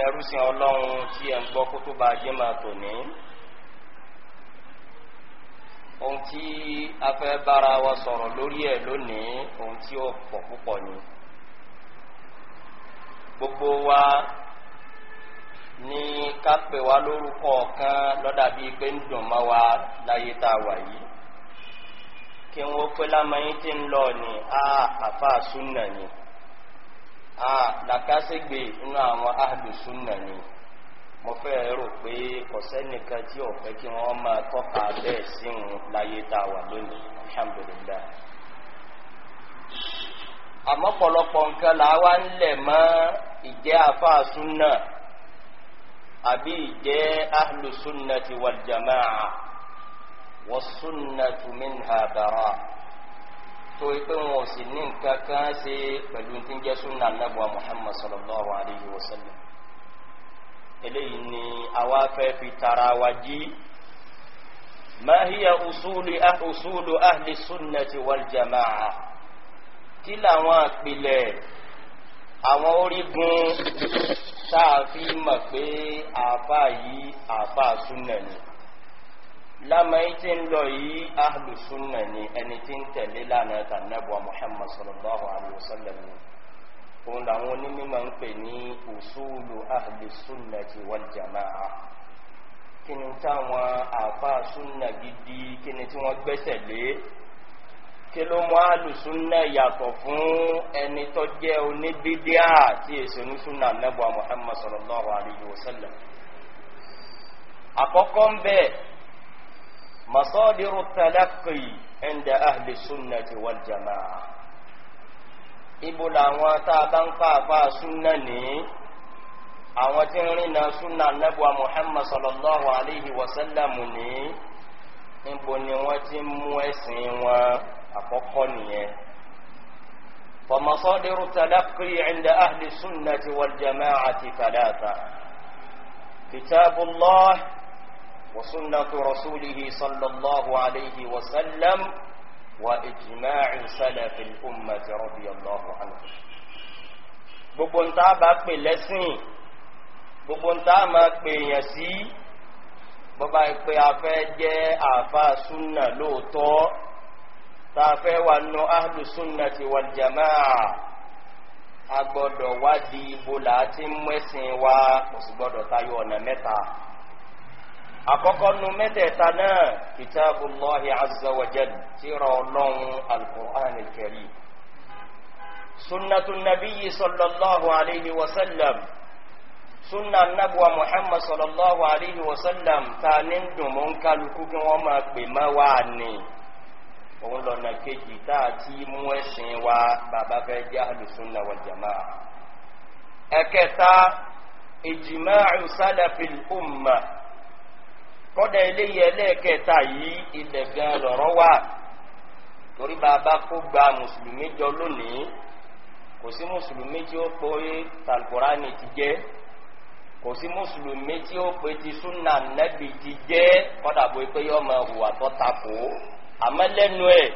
ẹ̀yin ẹrúsìn ọlọ́run tí ẹ̀ ń gbọ́ kó tó bá ajé máa tò ní. ohun tí a fẹ́ bára wa sọ̀rọ̀ lórí ẹ̀ lónìí ohun tí ó pọ̀ púpọ̀ ni. gbogbo wa ní ká pè wá lórúkọ kan lọ́dà bíi pé ń dùn mọ́ wa láyé tá a wà yìí kí n wo pé lámọ́yìn tí ń lọ ní a àfa súnà ni a làkàṣègbè nínú àwọn ahlùsúnà ni mo fẹ́ rò pé ọ̀sẹ́nìkan tí ò fẹ́ kí wọ́n máa tọ́ka bẹ́ẹ̀ sí òun láyé tá a wà lónìí alhamdulillah àmọ́ pọ̀lọpọ̀ nǹkan là wá ń lẹ̀ mọ́ ìjẹ́ àfáàsúnà àbí ìjẹ́ ahlùsúnà ti wal jamaa wọ́súnà tùmínà bàrà torí pé wọn ò sì ní nǹkan kan ṣe pẹ̀lú tí ń jẹ́ súnà nàbọ̀ muhammad sallallahu alayhi wa sallam eléyìí ni àwa fẹ́ fi tara wa jí mahiya usulu usulu ahli sunnati wal jama'a kí làwọn àpilẹ̀ àwọn orígun tá a fi mọ̀ pé àáfàá yìí àáfàá súnà ni. Lama yìí ti ń lọ yìí ahlùsúnà ni ẹni tí ń tẹ̀lé lánàá tànàbọ̀ muhammad sallallahu alayhi wa sallam ni òun làwọn onímọ̀ ń pè ní usulu ahlùsúnà ti wal jama'a kí ni táwọn àfáà súnà gidi kí ni tí wọ́n gbẹ́sẹ̀ lé kí ló mú ahlùsúnà yàtọ̀ fún ẹni tó jẹ́ oníbídíà tí èsì onísúnà nàbọ̀ muhammad sallallahu alayhi wa sallam àkọ́kọ́ ń bẹ́ẹ̀. مصادر التلقي عند أهل السنة والجماعة ibo làwọn tá a bá ń pàápàá súnà ní àwọn tí ń rìnà súnà nẹ́bùà muhammad sallallahu alayhi wa sallam ní níbo ni wọ́n ti ń mú ẹ̀sìn wọn àkọ́kọ́ nìyẹn. فمصادر التلقي عند أهل السنة والجماعة ثلاثة كتاب الله وسنة رسوله صلى الله عليه وسلم وإجماع سلف الأمة رضي الله عنه gbogbo ntá bá pè lẹ́sìn gbogbo ntá máa pè yàn sí bọ́bá ìpè afẹ́ jẹ́ àfa súnà lóòótọ́ tá a fẹ́ wà nù ahlu súnà ti wal jamaa a gbọ́dọ̀ wádìí ibo làá ti ń mẹ́sìn wa kò sì gbọ́dọ̀ tayọ ọ̀nà mẹ́ta àkọ́kọ́ nu mẹ́tẹ̀ẹ̀ta náà kitabullahi azza wa jal tírà ọlọ́run al-Qur'an al-Karim sunnatu nabiyyi sallallahu alayhi wa sallam sunna nabuwa muhammad sallallahu alayhi wa sallam ta ní dùnmọ́ ń kálukú kí wọ́n máa pè má wà ní òun lọ́nà kejì tá a ti mú ẹ̀sìn wa bàbá fẹ́ jẹ́ ahlus-sunna wal jamaa ẹ̀kẹta ijma'u salafil kọ́dà eléyìí ẹlẹ́ẹ̀kẹta yìí ilẹ̀ gan lọ́rọ́ wà torí bàbá kó gba mùsùlùmí jọ lónìí kò sí mùsùlùmí tí ó pé tàlùkùránì ti jẹ́ kò sí mùsùlùmí tí ó pé ti súnà nẹ́bì ti jẹ́ kọ́dà bó pé yọ ọmọ ìhùwà tó takò àmọ́ lẹ́nu ẹ̀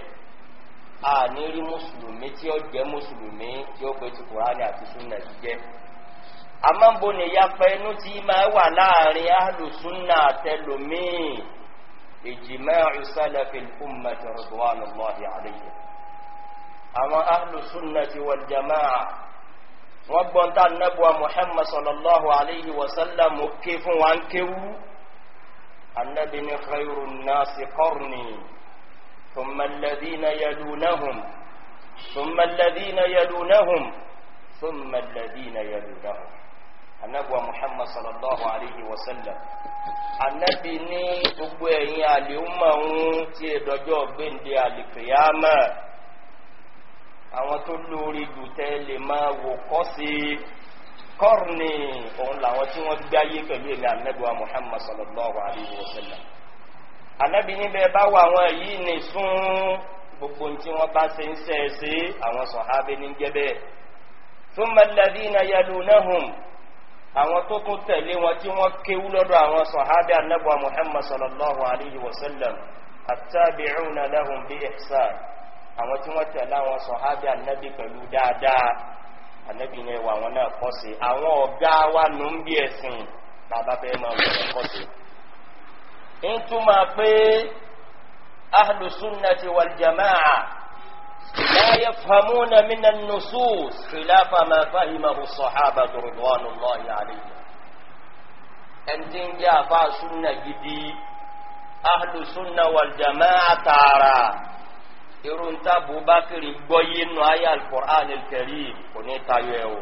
àní rí mùsùlùmí tí ó jẹ́ mùsùlùmí tí ó pé ti kùránì àti súnà ti jẹ́. ń amábo ni yapa inú tí máa wà láàrin alùsùnà àtẹlòmíì ìjìmẹ́ ìsálẹ̀fẹ̀ ọmọ ìtọ̀rọ̀dọ̀wà lọ́wọ́ àlẹ́yẹ àwọn alùsùnà ti wọ̀ jama wọ́n gbọ́n tá nẹ́bùwa muhammad sallallahu alayhi wa sallam ó ké fún wa ń kéwú anabi ni khairu nasi qarni ثم الذين يلونهم ثم الذين يلونهم ثم الذين يلونهم anabuwa muhammad sallallahu anabi ni gbogbo eyi àlèhùnmọ̀ ń tí ìdọ́jọ́ gbéǹde àlìkìyàmọ̀ àwọn tó lórí jù lè máa wò kọ́ sí kọ́ọ̀nì òun làwọn tí muhammad sallallahu wa anabi níbẹ̀ bá wà àwọn yìí ní sún gbogbo tí wọ́n bá ṣe ń ṣe é sí àwọn ní àwọn tó tún tẹ̀lé wọn tí wọ́n kéwú lọ́dọ̀ àwọn muhammad sallallahu alayhi wa sallam àtàbíyún aláhùn bí ihsan àwọn tí wọ́n tẹ̀lé àwọn sọ̀hábí anábì pẹ̀lú dáadáa anábì ní ẹwà àwọn náà kọ́ sí àwọn ọ̀gá wa nù ń bí ẹ̀sìn bàbá fẹ́ máa wọ̀ kọ́ sí. ń túmọ̀ pé لا يفهمون من النصوص خلاف ما فهمه الصحابة رضوان الله عليهم ẹnití jẹ́ àfa sunna gidi ahlu sunna wal jamaa tààrà irun tá Abubakar gbọ́ yínú ayé al-Qur'an al-Karim kò ní tayọ ẹ o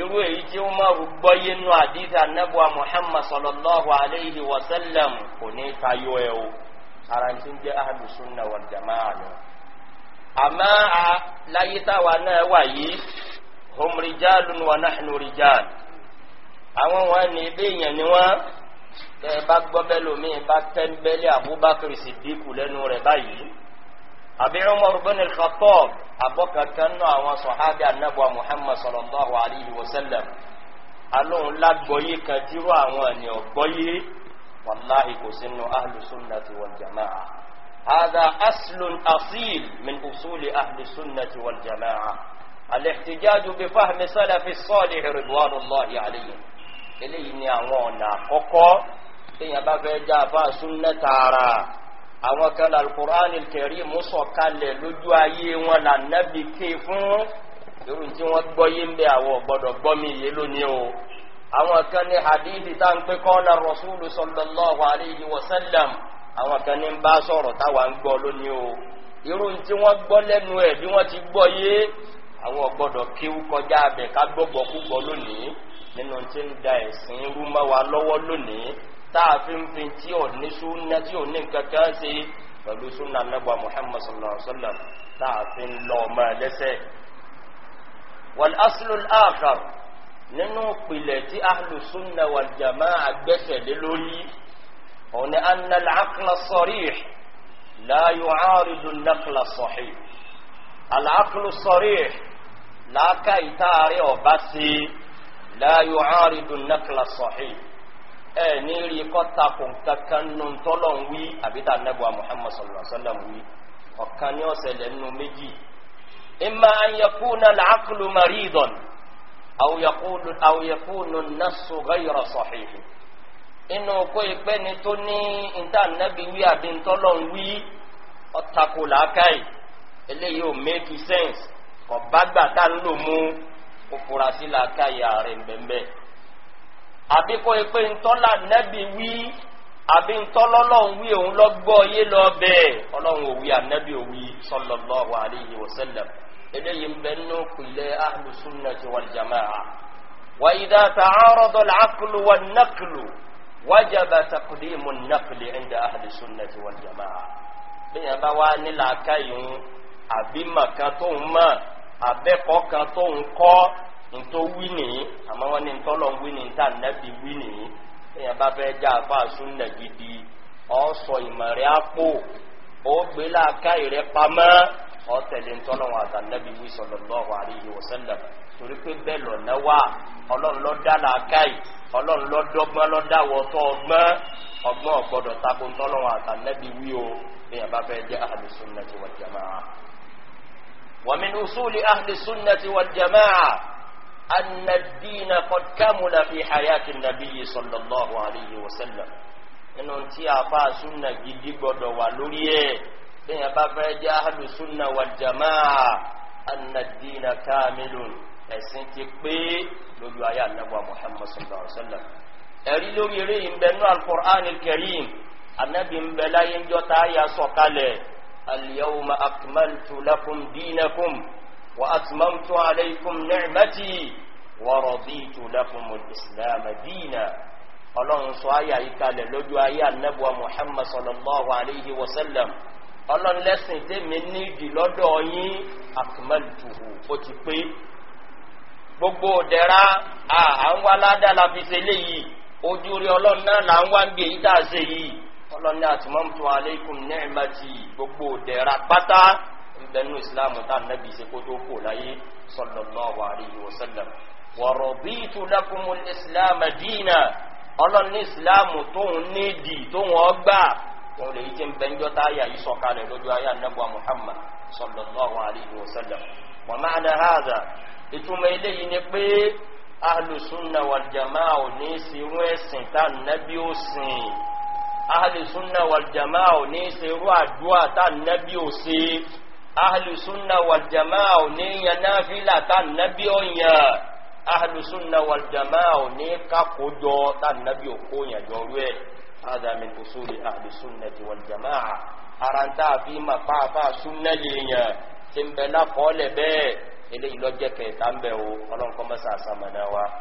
irú èyí tí Umar gbọ́ yínú àdìsí anabuwa Muhammad sallallahu alayhi wa sallam kò ní tayọ ẹ o ara ẹnití jẹ́ ahlu sunna wal jamaa lọ àmọ́ a láyé táwa náà wà yìí hum rijalun wa nahnu rijal àwọn wọn ní béèyàn ni wọn tẹ ẹ bá gbọ́ bẹ́ẹ̀ lómi bá tẹ́ńbẹ́lẹ́ Abubakar Siddiku lẹ́nu rẹ̀ báyìí àbí Umar bin al-Khattab abọ́kankan náà àwọn sọ̀hábì anábọ̀ Muhammad sallallahu alayhi wa sallam alóhùn lágbọ́yé kan dírò àwọn ènìyàn gbọ́yé wàláhì kò sínú ahlu sunnati wal jama'a. هذا أصل أصيل من أصول أهل السنة والجماعة الاحتجاج بفهم سلف الصالح رضوان الله عليه إليه نعمونا قوكو إن يبقى جافا سنة عرا أما كان القرآن الكريم مصوكا للجوى يوانا نبي كيف يرون تيوان بوين بي أو بدو يلونيو أما كان حديث تنقل الرسول صلى الله عليه وسلم àwọn kan ní ń bá sọ̀rọ̀ táwa ń gbọ́ lónìí o irú tí wọ́n gbọ́ lẹ́nu ẹ̀ bí wọ́n ti gbọ́ yé àwọn gbọ́dọ̀ kíw kọjá abẹ ká gbọ́gbọ́ púpọ̀ lónìí nínú tí ń da ẹ̀sìn irú mọ́ wa lọ́wọ́ lónìí tá a fi ń fi tí ò ní súnà tí ò ní nǹkan ṣe pẹ̀lú súnà nàbà Muhammad sallallahu alayhi wa sallam tá a fi ń lọ ọmọ هنا أن العقل الصريح لا يعارض النقل الصحيح العقل الصريح لا كي تاريو بسي لا يعارض النقل الصحيح اي نيري قطاكم تكنن طولون وي أبدا نبوى محمد صلى الله عليه وسلم وي وكان يوسل النمجي إما أن يكون العقل مريضا أو يقول أو يكون النص غير صحيح inú kó ipẹ́ ni tó ní ìtànẹ́bí wí àbí ń wí làákàyè eléyìí ò make sense kò gbà tá ń lò mú òfurasí làákàyè ààrẹ mbẹ́mbẹ́ àbí kó ipẹ́ ntọ́lá nẹ́bí wí àbí ntọ́lọ́lọ́ ń wí òun lọ gbọ́ yé lọ bẹ́ẹ̀ ọlọ́run òwì òwì eléyìí ń bẹ nínú pìlẹ̀ wajab taqdimun naqli inda ahli sunnati wal jamaa bin ba wa ni la kayun abi makan to ma abe ko kan to nko n to wini ni ama wini ni n tolo wi ni ta nabi wi ni bin ba fe ja fa o so imare apo o gbe la kayire pamọ ọtẹlẹ ntọ́lọ́wọ́n àtàlẹ́bí wí sallallahu alayhi wa sallam torí pé bẹ́ẹ̀ lọ́nà wà ọlọ́run ló dá làákàyè ọlọ́run ló dọ́gbọ́n ló dá wọ́tọ́ ọgbọ́n tako ntọ́lọ́wọ́n àtàlẹ́bí wí o bí yàrá bẹ́ẹ̀ jẹ́ ahlu sunnati jamaa. wa min usuli ahli sunnati jamaa anna ad fi hayati an-nabiyyi sallallahu alayhi wa sallam nínú tí a fa sunna gidi gbọdọ̀ wà lórí ẹ̀ bẹ́ẹ̀ bá fẹ́ jẹ́ ahàlùsúnà wà jàmáà anàdínà káàmìlùn ẹ̀sìn ti pé lójú ayé anábọ̀ muhammad sallallahu alaihi wasallam ẹ̀rí lórí eré ìbẹ̀nú alkùránì karim anábì ń bẹ láyé ń jọta ayé sọ̀kalẹ̀ alyawma akmaltu lakum dinakum wa atmamtu alaykum ni'mati wa raditu lakum al-islam dina ọlọ́run sọ ayé àyíkalẹ̀ lójú ayé anábọ̀ muhammad sallallahu alaihi wasallam ọlọ́run lẹ́sìn tèmi nídìí lọ́dọ̀ yín àkùmọ̀lùtùhù ó ti pé gbogbo òdẹ́ra à ń wá ládà la fi ṣe léyìí ojú rí ọlọ́run náà là ń wá ń gbé yìí ṣe yìí ọlọ́run ní àtìmọ́mùtò aleikum ni'mati gbogbo òdẹ́ra pátá ìbẹ̀nu ìsìláàmù tá a nẹ́bi ṣe kó tó kò láyé sallallahu alaihi wasallam wa raditu lakumul islam dina ọlọ́run ní ìsìláàmù tóun nídìí tóun ọgbà òun lè bẹ́ńjọ́ tá àyà yìí sọ̀kalẹ̀ lójú ayé anábọ̀ Muhammad sallallahu alayhi wa sallam wa ma'ana hadha ìtumọ̀ eléyìí ni pé ahlùsúnà wàlìjàmá ò ní sírú ẹ̀sìn tá nábì ó sìn ahlùsúnà wàlìjàmá ò ní sírú àdúrà ò yàn ahlùsúnà wàlìjàmá ò ní kákòójọ tá nábì kó yàn jọrú ẹ̀. هذا من أصول أهل السنة والجماعة أرانتا فيما فافا سنة لينيا تنبلا قول بي إلي لجك تنبه ولن كما ساسمنا